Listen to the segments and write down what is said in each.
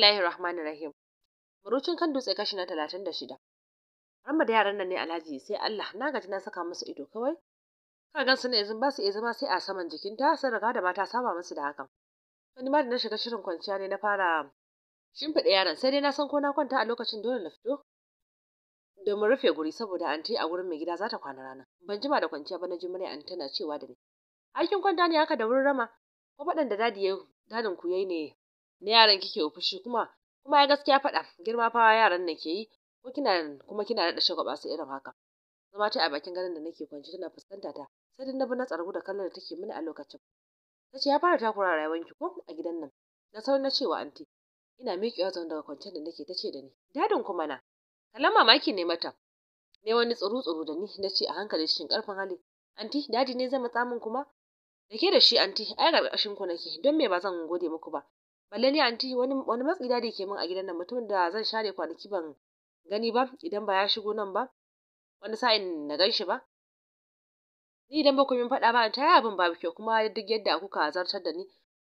Bismillahir Rahmanir Rahim. Murucin kan dutse kashi na talatin da shida. Ramba da yaran nan ne Alhaji sai Allah na gaji na saka musu ido kawai. Ka gan su ne yanzu ba su iya zama sai a saman jikinta sai riga da mata saba musu da hakan. ni ma da na shiga shirin kwanciya ne na fara shimfiɗa yaron sai dai na san ko na kwanta a lokacin dole na fito. Da mu rufe guri saboda anti a gurin mai gida za ta kwana rana. Ban jima da kwanciya ba na ji murya anti tana cewa da ni. Aikin kwanta ne haka da wurin rama ko faɗan da dadi dadin ku yayi ne na yaran kike fushi kuma kuma ya gaskiya faɗa girma fa yaran nan ke yi ko kina kuma kina da daɗa shagwaba su irin haka zama ta a bakin garin da nake kwance tana fuskanta ta sai dai na bi na tsargu da kallon da take mini a lokacin ta ce ya fara takura ki ko a gidan nan na sau na cewa anti ina miƙewa zaune daga kwancen da nake ta ce da ni dadin kuma na kalan mamaki ne mata ne wani tsuru tsuru da ni na ce a hankali cikin karfin hali anti dadi ne zai matsa min kuma da ke da shi anti ai ƙarƙashin ku nake don me ba zan gode muku ba balle ni anti wani wani matsi da ke min a gidan nan Mutum da zan share kwanaki ban gani ba idan ba ya shigo nan ba wani sa'in na gan shi ba ni idan ba ku min faɗa ba ta abin babu kyau kuma duk yadda kuka zartar da ni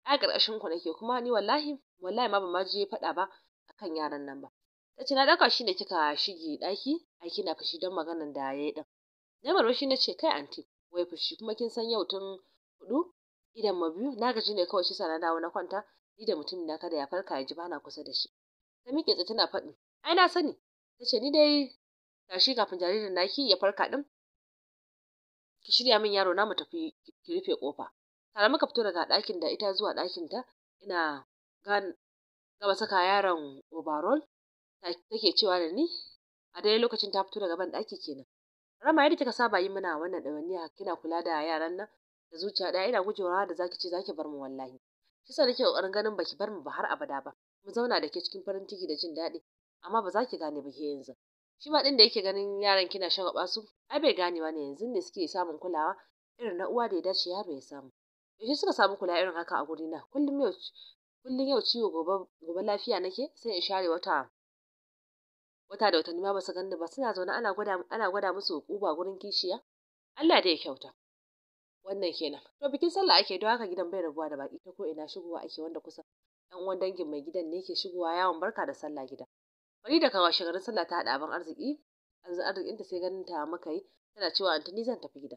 a ƙarƙashin ku nake kuma ni wallahi wallahi ma ban ma je faɗa ba akan yaran nan ba ta ce na ɗauka shi ne kika shige ɗaki ai kina fushi don maganan da ya yi ɗin na marmashi na ce kai anti wai fushi kuma kin san yau tun huɗu? idan ma biyu na gaji ne kawai shi sa na dawo na kwanta ni da mutum na kada ya farka ya ji bana kusa da shi ta miƙe tsaye tana faɗin ai na sani ta ce ni dai tashi kafin jaririn naki ya farka ɗin ki shirya min yaro na mu tafi ki rufe kofa tare muka fito daga ɗakin da ita zuwa ɗakin ta ina gaba saka yaron overall take cewa da ni a dai lokacin ta fito daga ban ɗaki kenan rama yadda kika saba yi mana wannan ɗawainiya kina kula da yaran nan da zuciya ɗaya ina gujewa da zaki ce zaki bar mu wallahi shi nake kokarin ganin baki bar mu ba har abada ba mu zauna da ke cikin farin ciki da jin daɗi amma ba za ki gane ba ke yanzu shi ma ɗin da yake ganin yaran kina shagaba su ai bai ganewa ne yanzu ne suke samun kulawa irin na uwa da ya dace yaro ya samu yaushe suka samu kula irin haka a gurina kullum yau kullum yau ciwo gobe gobe lafiya nake sai in share wata wata da watanni ma su ganni ba suna zaune ana gwada ana gwada musu ƙuba gurin kishiya Allah da ya kyauta wannan kenan to bikin sallah ake don haka gidan bai rabuwa da baki ta ko ina shigowa ake wanda kusa ɗan uwan dangin mai gidan ne ke shigowa yawon barka da sallah gida bari da kawo shigarin sallah ta hada abin arziki Arzikin arzikinta sai ganin ta maka yi tana cewa ni zan tafi gida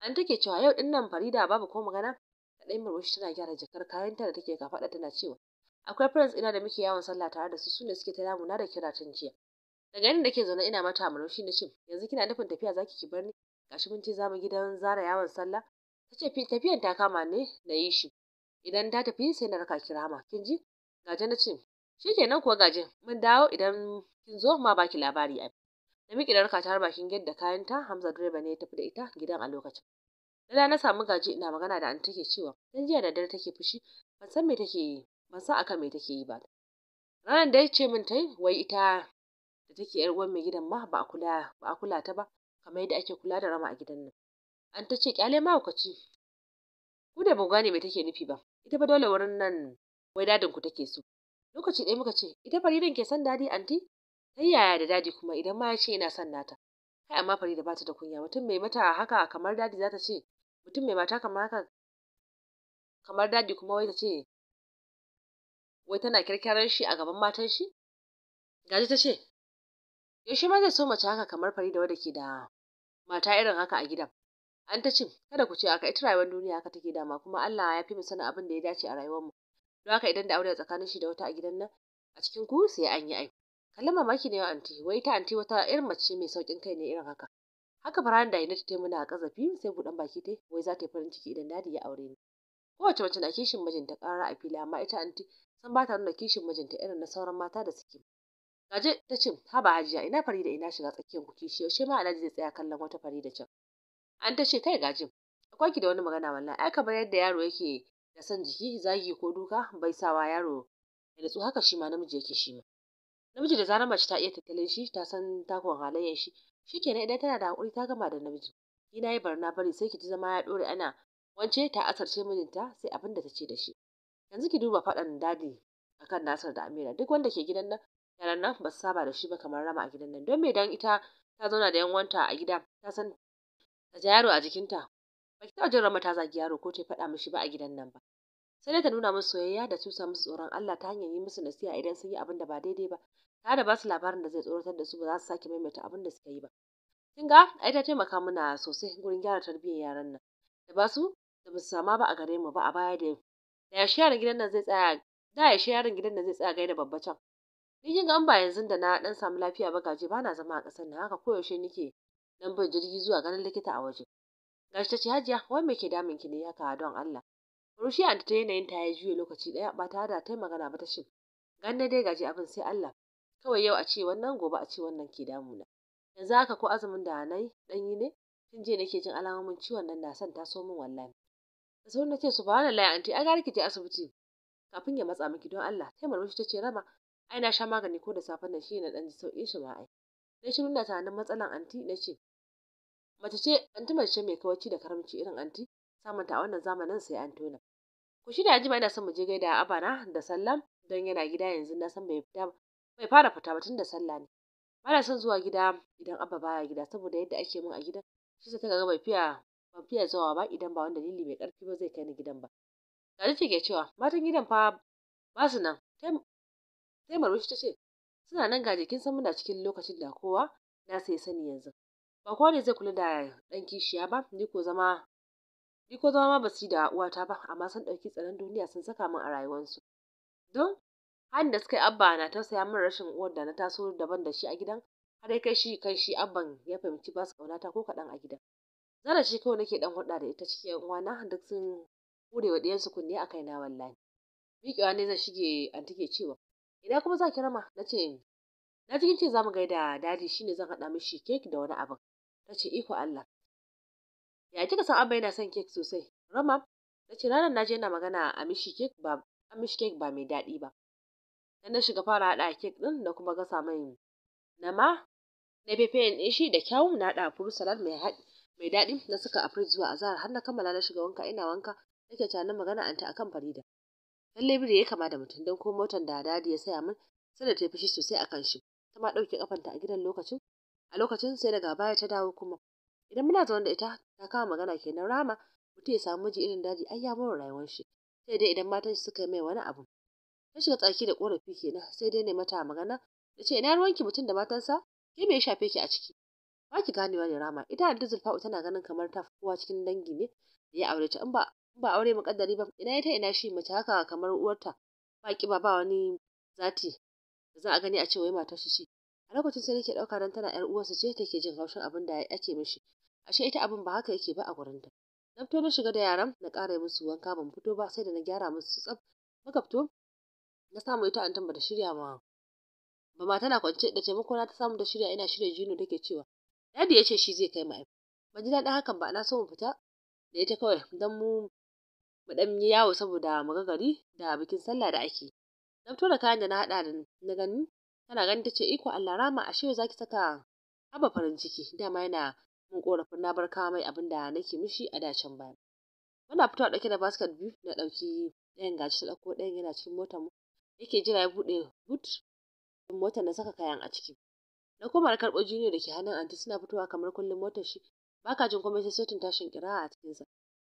an take cewa yau din nan farida babu ko magana ta ɗan murmushi tana gyara jakar kayanta da take kafaɗa tana cewa akwai friends ina da muke yawon sallah tare da su sune suke ta lamuna da kira tun jiya daga yadda ke zaune ina mata murmushi na ce yanzu kina nufin tafiya zaki ki bar ni gashi mun ce za gidan zara yawon sallah ta ce tafiyan ta kama ne na yi shi idan ta tafi sai na raka ki rama kin ji gaje na ce Shi nan kuwa gaje mun dawo idan kin zo ma baki labari ai na miƙe da raka ta har bakin kayan ta Hamza direba ne ya tafi da ita gidan a lokacin Lala na samu gaji ina magana da an take cewa dan jiya da dare take fushi ban san me take yi ban san akan me take yi ba ranar da ya ce min tai wai ita da take yar uwan mai gidan ma ba a kula ba a kula ta ba kamar yadda ake kula da rama a gidan nan An ta ce kyale ci. Ku da ba gane me take nufi ba. Ita fa dole wurin nan wai dadin ku take so. Lokaci ɗaya muka ce ita Faridan ke son dadi anti? Ta yaya da dadi kuma idan ma ya ce yana son nata. Kai amma Farida ba ta da kunya mutum mai mata haka kamar dadi za ta ce mutum mai mata kamar haka kamar dadi kuma wai ta ce wai tana kirkiran shi a gaban matan shi? Gaji ta ce, yaushe ma zai so mace haka kamar Farida wadda ke da mata irin haka a gidan. An ta cin, kada ku ce aka ita rayuwar duniya haka take dama, kuma Allah ya fi mu sanin abin da ya dace a rayuwarmu. Don haka idan da aure tsakanin shi da wata a gidan nan, a cikin ku sai an yi ai. Kallon mamaki ne wa anti, wai ta anti wata irin mace mai saukin kai ne irin haka. Haka faran da ina ta yi a ƙazafi sai buɗan baki ta wai za ta yi farin ciki idan dadi ya aure ni. Kowace mace na kishin mijinta ƙara a fili amma ita anti san ba ta nuna kishin mijinta irin na sauran mata da suke. Gaje ta cin, haba hajiya ina fari da ina shiga tsakiyar ku kishi yaushe ma alhaji zai tsaya kallon wata fari da can. An ta ce kai gajin, akwai ki da wani magana wallahi ai kamar yadda yaro yake da san jiki zagi ko duka bai sawa yaro ya natsu haka shi ma namiji yake shi ma. Namiji da zarar mace ta iya tattalin shi ta san takon halayyar shi shikenan idan tana da hakuri ta gama da namiji. Ni na yi barna bari sai ki ji zama ya dore ana wance ta asarce mijinta sai abin da ta ce da shi. Yanzu ki duba faɗan dadi akan nasar da Amira duk wanda ke gidan nan yaran nan ba su saba da shi ba kamar rama a gidan nan don me dan ita ta zauna da yan wanta a gida ta san ta ja yaro a jikinta ba ki taɓa jin rama ta zagi yaro ko ta faɗa mishi ba a gidan nan ba sai dai ta nuna musu soyayya da tusa musu tsoron Allah ta hanyar yi musu nasiha idan sun yi abin da ba daidai ba ta da ba su labarin da zai tsoratar da su ba za su sake maimaita abin da suka yi ba kin ga ai ta taimaka mana sosai gurin gyara tarbiyyar yaran nan da ba su da ba su sama ba a gare mu ba a baya da da ya yaron gidan nan zai tsaya da yaron gidan nan zai tsaya gaida babba can ni kin ga an ba yanzu da na dan samu lafiya ba gaje ba na zama a ƙasar nan haka koyaushe nake don bin jirgi zuwa ganin likita a waje gashi ta ce hajiya wai me ke damun ki ne haka don Allah Rushi a ta yanayin ta ya juya lokaci ɗaya, ba tare da ta magana ba ta shin ganna dai gaji abin sai Allah kawai yau a ce wannan gobe a ce wannan ke damuna yanzu haka ko azumin da na yi ɗan yi ne tun je nake jin alamomin ciwon nan na son taso min wallahi da sauran na ce su lai laya anti ai gari ki je asibiti kafin ya matsa miki don Allah sai marmashi ta ce rama ai na sha magani ko da safen nan shi na ɗan ji sauki shi ma ai na shirin na tunanin matsalan anti na ce mace ce anti mace ce mai kawaici da karamci irin anti samunta a wannan zamanin sai an tona ku shirya jima ina son mu je gaida abana da Sallah, don yana gida yanzu na san bai fita bai fara fita ba da sallah ne bana son zuwa gida idan abba baya gida saboda yadda ake mun a gidan shi sai ta ga bai fiya ban fiya zuwa ba idan ba wanda dalili mai karfi ba zai kai ni gidan ba Ga ce ke cewa matan gidan fa ba su nan sai marwashi ta ce suna nan ga jikin san muna cikin lokacin da kowa na sai sani yanzu ba kowa ne zai kula da ɗan kishiya ba ni ko zama ni ko zama ma da uwata ba amma sun ɗauki tsaron duniya sun saka min a rayuwarsu don halin da suka yi abba na ta saya min rashin uwar da na taso daban da shi a gidan har ya kai shi kan shi abban ya fahimci ba su ƙaunata ko kaɗan a gidan zara shi kawai nake ɗan hulɗa da ita cikin yan uwana duk sun hure wa ɗiyansu kunne a kaina wallahi miƙewa ne zan shige an take cewa ina kuma za ki rama na ce na cikin ce za mu gaida dadi shine zan haɗa mishi kek da wani abin ta ce iko Allah ya kika san abba yana son kek sosai rama na ce ranar na je na magana a mishi kek ba a mishi kek ba mai daɗi ba dan na shiga fara haɗa kek ɗin da kuma gasa mai nama na fefen ɗin shi da kyawun na haɗa furu salad mai haɗi mai daɗi na saka a fridge zuwa azahar har na kammala na shiga wanka ina wanka nake tunanin magana anta akan Farida lalle bire ya kama da mutum don ko motar da dadi ya saya min sai da ta fishi sosai akan shi ta ma ɗauke kafanta a gidan lokacin a lokacin sai daga baya ta dawo kuma idan muna zaune da ita ta kama magana kenan rama mutum ya samu miji irin daji ai ya mura rayuwar shi sai dai idan matan shi suka yi mai wani abu ta shiga tsaki da korafi kenan sai dai ne mata magana Ya ce ina ruwanki mutum da matansa ke me ya shafe ki a ciki ba ki ganewa ne rama ita da zulfa'u tana ganin kamar ta kowa cikin dangi ne da ya aure ta in ba aure muƙaddari ba ina ita ina shi mace haka kamar uwarta ba ba ba wani zati da za a gani a ce wai matar shi ce a lokacin sai nake ɗauka don tana yar uwarsa ce take jin haushin abin da ake mishi ashe ita abin ba haka yake ba a gurin ta na fito na shiga da yaran na ƙara musu wanka ban fito ba sai da na gyara musu tsaf muka fito na samu ita antan bata shirya ma ba ma tana kwance da taimako na ta samu da shirya ina shirya jino take cewa dadi ya ce shi zai kai mu ban ji daɗin hakan ba na so mu fita da ita kawai don mu mu ɗan yi yawo saboda mu gari da bikin sallah da ake na fito da kayan da na haɗa da na gani tana ganin ta ce iko Allah rama ashe za ki saka haba farin ciki dama yana mun korafin na barka mai abin da nake mishi a dacen baya muna fitowa dauke da basket biyu na dauki ɗayan gashi ta dauko ɗayan yana cikin motar mu yake jira ya bude boot din motar na saka kayan a ciki na koma na karɓo junior da ke hannun anti suna fitowa kamar kullum motar shi baka jin komai sai sautin tashin kira a cikin sa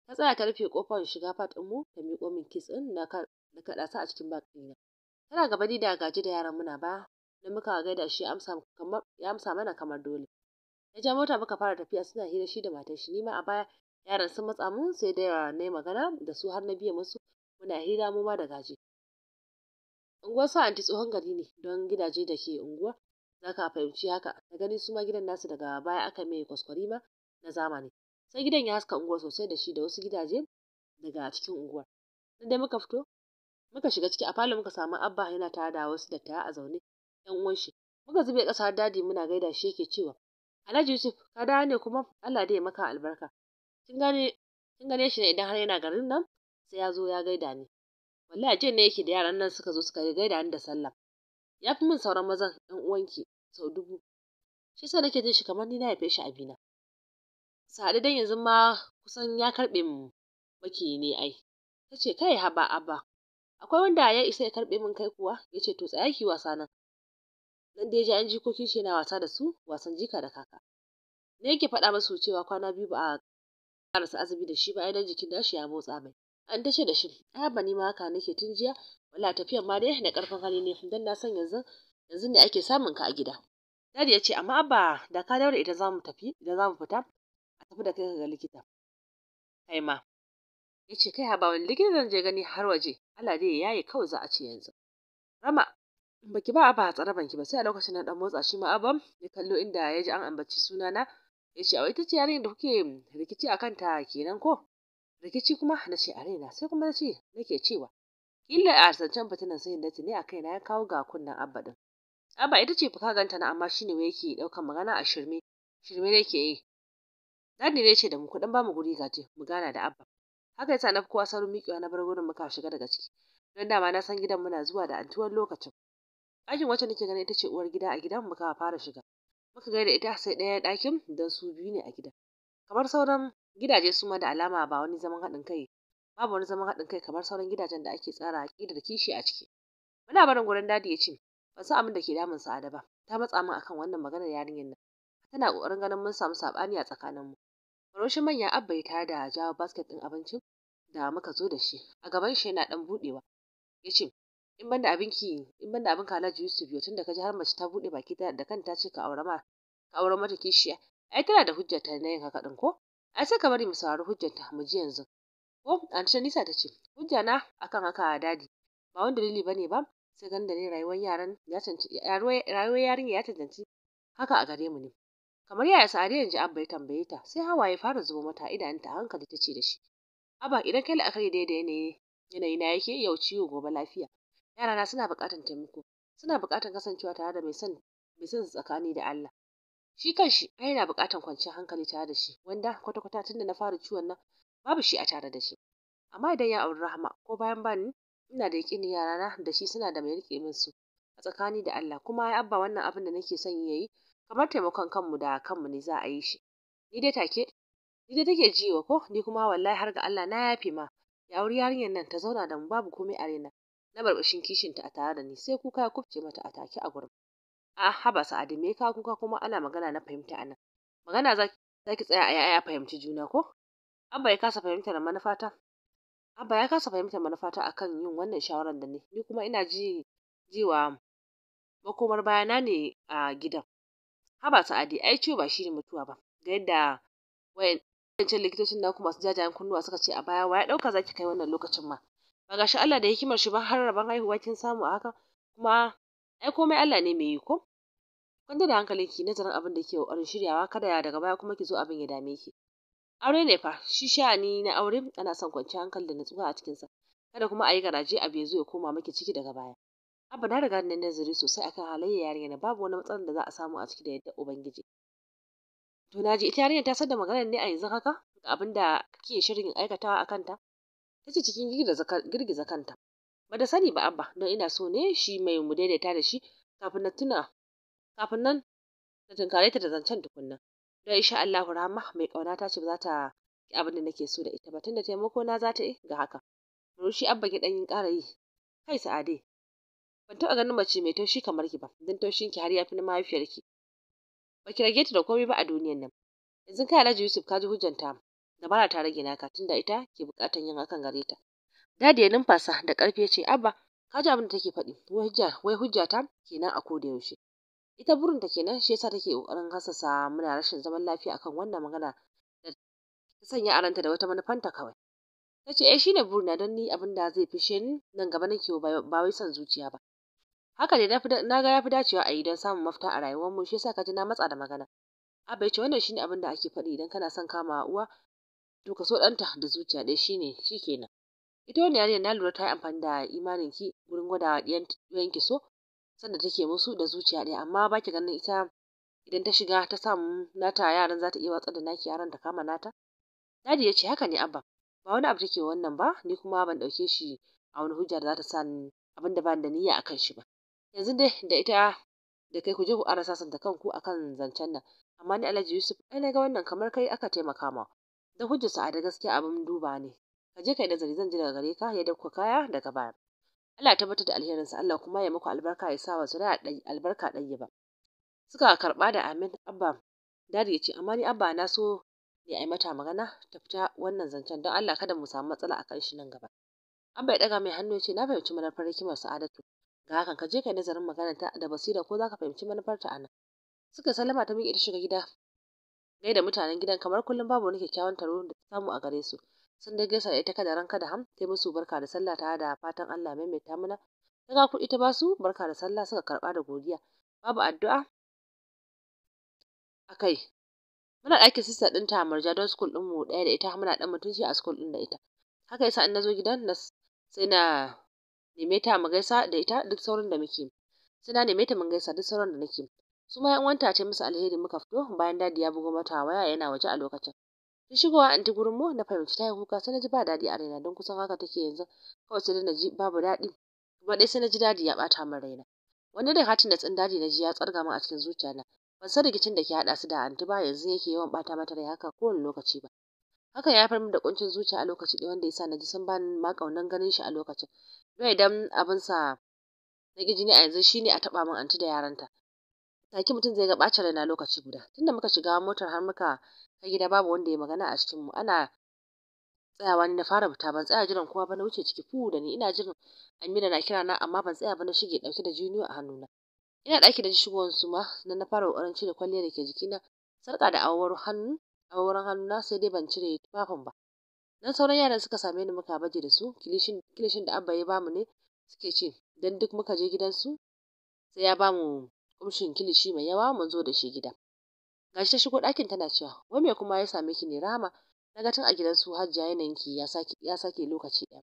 ta tsaya ta rufe kofar shiga fat din mu ta miƙo min kiss din na kaɗa sa a cikin bag ɗina tana gaba ni da gaji da yaran muna ba Nan muka gaida shi ya amsa mana kamar dole. Ya ja mota muka fara tafiya suna hira shi da matar shi. Ni ma a baya yaran sun matsa mun sai da na yi magana da su har na biya musu muna hira mu ma da gaji. Unguwar su anti tsohon gari ne don gidaje da ke unguwa. za ka fahimci haka. Da gani su ma gidan nasu daga baya aka mai ma na zamani. Sai gidan ya haska unguwa sosai da shi da wasu gidaje daga cikin unguwa. Nan muka fito muka shiga ciki a falo muka samu Abba yana tare da wasu dattawa a zaune. ɗan uwan shi muka zube ƙasa har dadi muna gaida shi yake cewa Alhaji Yusuf ka dawo ne kuma Allah dai ya maka albarka kin gane kin gane shi ne idan har yana garin nan sai ya zo ya gaida ni wallahi jiya ne yake da yaran nan suka zo suka gaida ni da sallah ya fi min sauran mazan ɗan uwanki sau dubu shi yasa nake jin shi kamar ni na haife shi a bina haɗu dan yanzu ma kusan ya karɓe mu maki ne ai ta ce kai haba abba akwai wanda ya isa ya karɓe min kai kuwa ya ce to tsaya ki wasa nan dan da ya ji an jikokin shi yana wasa da su wasan jika da kaka ne yake faɗa masu cewa kwana biyu ba a karasa azumi da shi ba idan dan jikin nashi ya motsa mai an tace da shi ai ba ni ma haka nake tun jiya wala tafiyan ma dai Na karfin hali ne dan na san yanzu yanzu ne ake samun ka a gida dadi ya ce amma abba da ka daure idan zamu tafi idan zamu fita a tafi da kai ga likita kai ma ya ce kai haba wani likita zan je gani har waje Allah dai yi kawai za a ce yanzu rama baki ba abba tsare banki ba sai a lokacin na dan motsa shi ma abban ya kallo inda ya ji an ambaci sunana ya ce ita ce yarin da kuke rikici a kanta kenan ko rikici kuma na ce a raina sai kuma na ce nake cewa kila a zancen fitinan sai da ne a kaina ya kawo ga kunnen abba din abba ita ce fuka ganta na amma shine wai yake daukan magana a shirme shirme ne ke yi dadi ne ce da mu kudin ba mu guri gaje mu gana da abba haka yasa na fi kowa saurin miƙewa na bar gurin muka shiga daga ciki don dama na san gidan muna zuwa da antuwar lokacin ɗakin wacce nake ganin ita ce uwar gida a gidan muka fara shiga muka da ita sai ɗaya ɗakin don su biyu ne a gidan kamar sauran gidaje su ma da alama ba wani zaman haɗin kai babu wani zaman haɗin kai kamar sauran gidajen da ake tsara da kishi a ciki muna barin gurin dadi ya ce ban san abin da ke damun da ba ta matsa min akan wannan maganar yarinyar nan tana ƙoƙarin ganin mun samu saɓani a tsakanin mu karoshin manya abba ya tada jawo basket ɗin abincin da muka zo da shi a gaban shi yana ɗan buɗewa ya ce in banda abinki in banda abin ji Yusuf yau tunda kaji har mace ta bude baki da kanta ce ka aure ma ka aure mata kishiya ai tana da hujjar ta na yin haka din ko ai sai ka bari mu saurari hujjar ta mu ji yanzu ko an ce Nisa ta ce hujja na akan haka dadi ba wani dalili bane ba sai ganda ne rayuwar yaran ya cancanci rayuwar yarinya ya tantance. haka a gare mu ne kamar yaya Sadiya yanzu Abba ya tambaye ta sai hawaye fara zuba mata idanunta hankali ta ce da shi Abba idan kai la'akari da yanayi yanayi na yake yau ciwo gobe lafiya yarana suna buƙatar taimako suna buƙatar kasancewa tare da mai son mai son tsakani da Allah shi kanshi ai yana buƙatar kwanciyar hankali tare da shi wanda kwata-kwata tunda na fara ciwon nan babu shi a tare da shi amma idan ya auri Rahama ko bayan bani ina da yara na da shi suna da mai riƙe min su a tsakani da Allah kuma ai abba wannan abin da nake son yayi kamar taimakon kanmu da kanmu ne za a yi shi ni dai take ni dai take jiwa ko ni kuma wallahi har ga Allah na yafe ma ya yarinyar nan ta zauna da mu babu komai a raina na barbashin kishinta a tare da ni sai kuka ya kubce mata a take a gurin a haba adi me ka kuka kuma ana magana na fahimta anan magana za ki tsaya a yaya fahimci juna ko abba ya kasa fahimtar manufata abba ya kasa fahimtar manufata akan yin wannan shawaran da ni ni kuma ina ji jiwa makomar bayana ne a gidan haba adi ai ciwo ba shine mutuwa ba ga yadda wayan likitocin naku masu jajayen kunnuwa suka ce a baya wa ya dauka zaki kai wannan lokacin ma ba gashi Allah da hikimar shi ba har rabon haihuwa kin samu a haka kuma ai komai Allah ne mai yi ko kwanta da hankalinki nazarin abin da ke ƙoƙarin shiryawa kada ya daga baya kuma ki zo abin ya dame ki aure ne fa shi ni na aure ana son kwanci hankali da natsuwa a cikinsa kada kuma a yi garaje abu ya zo ya koma miki ciki daga baya abba na riga na nazari sosai akan halayyar yarinya babu wani matsalar da za a samu a ciki da yadda ubangiji to naji ita yarinya ta san da maganar ne a yanzu haka abin da kike shirin aikatawa a kanta ta ce cikin girgiza kanta ba da sani ba abba don ina so ne shi mai mu daidaita da shi kafin na tuna kafin nan na tunkare ta da zancen tukunna don isha Allahu rahma mai kauna ta ce ba za ta ki abin da nake so da ita ba tunda taimako na za ta yi ga haka rushi abba ki dan ƙara yi kai sa'ade ban taɓa ganin mace mai taushi kamar ki ba don taushin ki har ya fi na mahaifiyarki ba ki rage ta da komai ba a duniyan nan yanzu kai Alhaji Yusuf ka ji hujjanta da dabara ta rage naka tunda ita ke buƙatan yin hakan gare ta dadi ya numfasa da ƙarfi ce abba ka ji abin da take faɗi wai hujja wai hujja ta kenan a koda yaushe ita burin ta kenan shi yasa take ƙoƙarin hasasa muna rashin zaman lafiya akan wannan magana da ta sanya a ranta da wata manufanta kawai ta ce eh shine burina don ni abin zai fishe ni nan gaba nake ba wai son zuciya ba haka ne na ga yafi dacewa a yi don samun mafita a rayuwar mu shi yasa ka ji na matsa da magana abba ya ce wannan shine abin da ake faɗi idan kana son kama uwa to ka so ɗanta da zuciya ɗaya shine shi kenan. ita wannan yarinya na lura ta yi amfani da imanin ki gurin gwada ɗiyan ki so sanda take musu da zuciya ɗaya amma ba ki ganin ita idan ta shiga ta samu nata yaran za ta iya watsar da naki yaran ta kama nata daji ya ce haka ne abba ba wani abu take wannan ba ni kuma ban ɗauke shi a wani hujja da za ta sa abin da bani da niyya akan shi ba yanzu dai da ita da kai ku je ku ara sasanta kanku akan zancen nan amma ni Alhaji Yusuf ai na ga wannan kamar kai aka taimaka ma da hujjar da gaskiya abin duba ne ka je yi nazari zan ji daga gare ka ya dauka kaya daga baya Allah tabbatar da alherinsa Allah kuma ya muku albarka ya sa wa zuriya albarka dan ba suka karba da amin abba dadi ya ce amma ni abba na so ne a mata magana ta fita wannan zancen don Allah kada mu samu matsala a kan shi nan gaba abba ya ɗaga mai hannu ya ce na fahimci manufar hikimar sa'adatu ga hakan ka je ka yi nazarin magana ta da basira ko za ka fahimci manufar ta anan suka sallama ta miƙe ta shiga gida da mutanen gidan kamar kullum babu wani kyakkyawan taro da ta samu a gare su sun dai gaisa da ita kada ranka da ham sai musu barka da sallah ta da fatan Allah mai mana ta ga kuɗi ta ba su barka da sallah suka karɓa da godiya babu addu'a a kai muna ɗakin sista ta marja don school ɗinmu ɗaya da ita muna ɗan mutunci a school ɗin da ita haka yasa in nazo gidan na sai na neme ta mu gaisa da ita duk sauran da muke sai na neme ta mun gaisa duk sauran da nake su ma yan wanta ce musu alheri muka fito bayan dadi ya bugo mata waya yana waje a lokacin tun shigowa anti gurin mu na fahimci ta yi kuka sai na ji ba daɗi a raina don kusan haka take yanzu kawai sai na ji babu dadi. kuma dai sai na ji dadi ya bata min raina wani da hatin da tsin dadi na ji ya tsarga min a cikin zuciya na ban san rikicin da ke hada su da anti ba yanzu yake yawan bata mata rai haka kowane lokaci ba hakan ya haifar min da kuncin zuciya a lokaci ɗaya wanda yasa na ji sun bani ma ƙaunar ganin shi a lokacin don idan abin sa na ƙi jini a yanzu shine a taɓa min anti da yaranta take mutum zai ga rai na lokaci guda tunda muka shiga motar har muka kai gida babu wanda ya magana a cikin mu ana tsayawa ni na fara fita ban tsaya jiran kowa ba na wuce ciki fu da ni ina jiran amina na kira na amma ban tsaya ba na shige dauke da juniyo a hannuna ina daki da shigowar su ma na na fara kokarin cire kwalliyar da ke jikina sarka da awar hannu awar hannuna sai dai ban cire tufafin ba dan sauran yaran suka same ni muka baje da su kilishin kilishin da abba ya bamu ne suke ce dan duk muka je gidansu sai ya bamu kumshin kilishi mai yawa mun zo da shi gida gashi ta shigo ɗakin tana cewa wai me kuma ya same ki ne rama na ga tun a gidan su hajiya yanayin ki ya sake lokaci ɗaya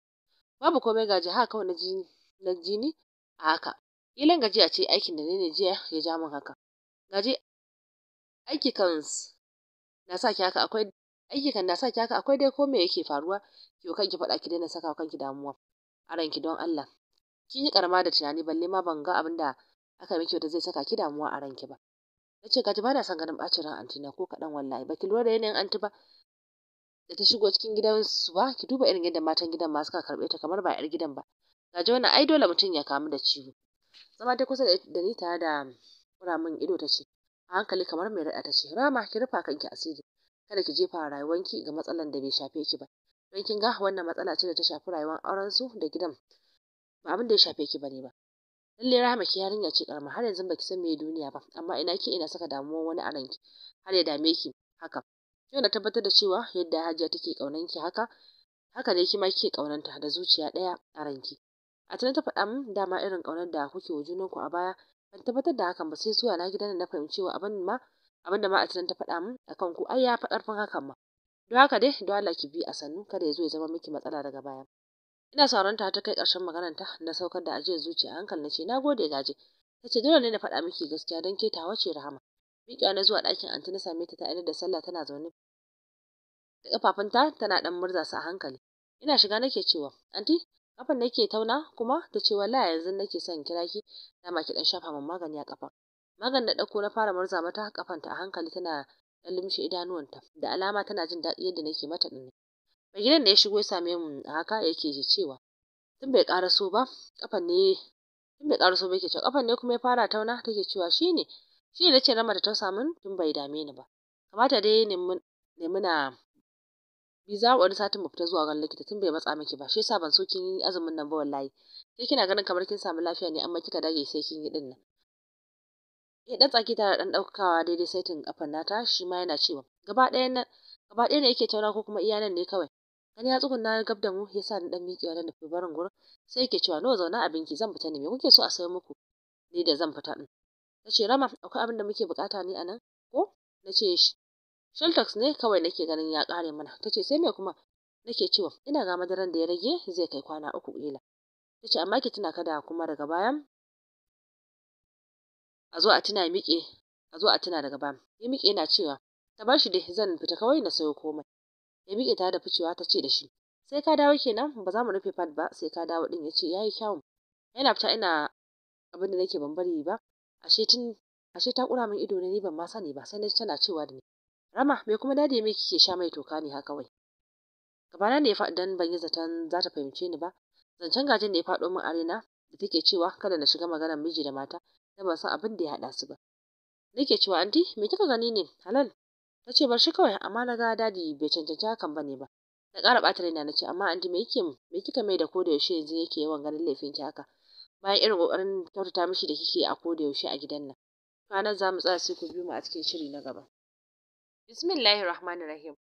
babu komai gaji jiha kawai na ji a haka ilan gajiya ce aikin da ne jiya ya ja min haka gaji aiki kan na sa ki haka akwai aiki kan na sa ki haka akwai dai ko me yake faruwa ki ki faɗa ki daina saka kanki damuwa a ranki don Allah kin yi ƙarama da tunani balle ma ban ga abin da aka miki wata zai saka ki damuwa a ranki ba na ce gaji na son ganin bacin ran na ko kaɗan wallahi ba ki lura da yanayin anti ba da ta shigo cikin gidan su ba ki duba irin yadda matan gidan ma suka karɓe ta kamar ba 'yar gidan ba gaji wannan ai dole mutum ya kamu da ciwo zama ta kusa da ni tare da kura min ido ta ce a hankali kamar mai raɗa ta ce rama ki rufa kanki asiri kada ki jefa rayuwar ki ga matsalan da bai shafe ki ba don kin ga wannan matsala ce da ta shafi rayuwar auren su da gidan ba abin da ya shafe ki bane ba lallai Rahama ki yarinya ce karama har yanzu baki san me duniya ba amma ina ki ina saka damuwa wani a ranki har ya dame ki haka yau na tabbatar da cewa yadda Hajiya take kaunan ki haka haka ne kima kike ta da zuciya daya a ranki a tana ta faɗa min dama irin kaunar da kuke wa ku a baya ban tabbatar da hakan ba sai zuwa na gidan na fahimci cewa abin ma abin da ma a tana ta faɗa min akan ku ai ya karfin hakan ma don haka dai don Allah ki bi a sannu kada ya zo ya zama miki matsala daga baya ina sauran ta ta kai ƙarshen maganarta na saukar da ajiyar zuciya hankali na ce na gode gaje ta ce dole ne na faɗa miki gaskiya don ke tawa ce rahama miƙa na zuwa ɗakin anti na same ta ta da sallah tana zaune da ƙafafunta tana ɗan murza su a hankali ina shiga nake cewa anti kafan nake tauna kuma ta ce wallahi yanzu nake son kira ki na maki dan shafa min magani a kafa magan na ɗauko na fara murza mata kafanta a hankali tana dan lumshe idanuwanta da alama tana jin daɗi yadda nake mata dinne mai gidan da ya shigo ya same mu a haka yake cewa tun bai karaso ba kafan ne tun bai karaso ba yake cewa kafan ne kuma ya fara tauna take cewa shine shi ne nace rama da ta min tun bai dame ni ba kamata dai ne muna bi za wani satin mu fita zuwa ganin likita tun bai matsa miki ba shi yasa ban so kin yi azumin nan ba wallahi sai kina ganin kamar kin samu lafiya ne amma kika dage sai kin yi din nan ya eh, dan tsaki tare dan daukawa daidai saitin kafan nata shi ma yana cewa gaba ɗaya na gaba ɗaya ne yake tauna ko kuma iya nan ne kawai Gani ya tsugunna gab da mu yasa ni dan miƙewa na nufi barin gurin sai ke cewa nawa zauna abinki zan fita ne me kuke so a sayo muku ni da zan fita din. tace Rama akwai abin da muke bukata ne anan ko? Nace Shaltox ne kawai nake ganin ya kare mana. Tace sai me kuma nake cewa ina ga madaran da ya rage zai kai kwana uku kila. Tace amma ki tuna kada kuma daga bayan a zo a tuna miƙe a zo a tuna daga bayan ya miƙe yana cewa ta bashi dai zan fita kawai na sayo komai ya miƙe tare da ficewa ta ce da shi sai ka dawo kenan ba za mu rufe fad ba sai ka dawo din ya ce yayi kyawun yana fita ina abin da nake ban bari ba ashe tun ashe ta kura min ido ne ni ban ma sani ba sai na tana cewa da ni rama me kuma dadi me kike sha mai toka ne haka wai gabana ne ya faɗi dan ban yi zaton za ta fahimce ni ba zancen gajin da ya faɗo min arena da take cewa kada na shiga maganar miji da mata da ban san abin da ya haɗa su ba nake cewa anti me kika gani ne halal na ce bar shi kawai amma na ga dadi bai cancanci hakan bane ba na ƙara ɓata raina na ce amma anti me yake me kika mai da ko da yaushe yanzu yake yawan ganin laifin ki haka bayan irin ƙoƙarin kyautata mishi da kike a ko da yaushe a gidan nan ranar za mu tsaya sai ku biyo mu a cikin shiri na gaba bismillahirrahmanirrahim rahim